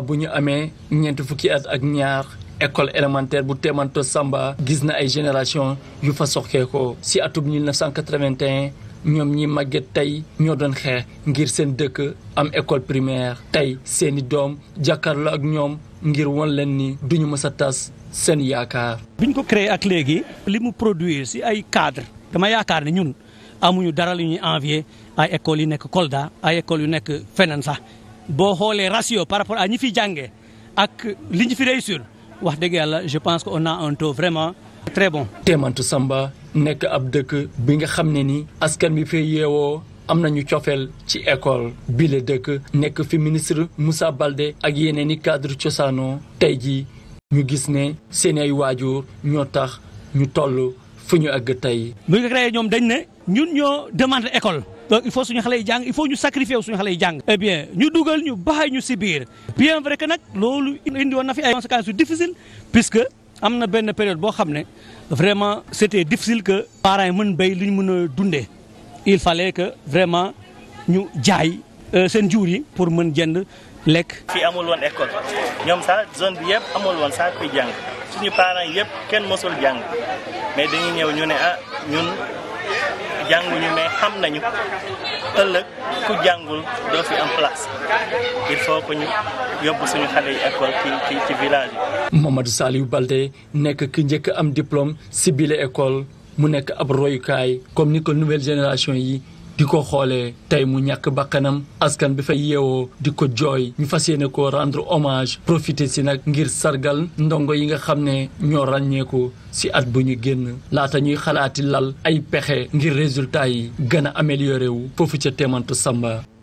bu ñu amee ñeenti fukki at ak ñaar école élémentaire bu Teemanto Samba gis na ay génération yu fa soxeekoo si atum 1981 ñoom ñi màgget tey ñoo doon xeex ngir seen dëkk am école primaire tey seeni doom jàkkarloo ak ñoom ngir won leen ni duñu mës a tas seen yaakaar. biñ ko créé ak léegi li mu produire si ay cadre dama yaakaar ne ñun amuñu dara lu ñuy envier ay écoles yu nekk Kolda ay écoles yu nekk feneen sa boo xoolee ratio par rapport a ñi fiy jàngee ak li ñu fi réussir wax dëgg yàlla je pense que on a un taux vraiment très bon. Téemantu Samba nekk ab dëkk bi nga xam ne ni askan bi fee yeewoo am nañu cofeel ci école bi la dëkk nekk fi ministre Moussa balde ak yeneen i cadre cosaanoo tey jii ñu gis ne seen ay waajur ñoo tax ñu toll fu ñu àgg tey. bu ñu ñoom dañ ne ñun ñoo demande école. donc il faut suñu xale yi jàng il faut ñu sacrifier suñu xale yi jàng eh ñu dugal ñu baax ñu si biir bien vrai que nag loolu indi woon na fi ay conséquences yu difficile puisque am na benn période boo xam ne vraiment c'était difficile que parents yi mën béy lu ñu mën a dundee il fallait que vraiment ñu jaay euh, seen jur yi pour mën jënd lekk. fii amul woon école ñoom sax zone bi yëpp amul woon sax kuy jàng suñu parents yëpp kenn mosul jàng mais dañuy ñëw ñu ne ah, jànguñu mais xam nañu ëllëg ku jàngul doo fi am place il faut que ñu yóbbu suñu xale yi école ci ci village yi. Mamadou Saliou Balde nekk ki njëkk am diplôme si école mu nekk ab royukaay comme ni ko nouvelle génération yi. di ko xoolee tey mu ñàkk bakkanam askan bi fay yeewoo di ko jooy ñu fas yéene ko rendre hommage profité si nag ngir sargal ndongo yi nga xam ne ñoo ràññeeku si at bu ñu génn laata ñuy xalaati lal ay pexe ngir résultat yi gën a amélioré wu foofu ca Téemante Samba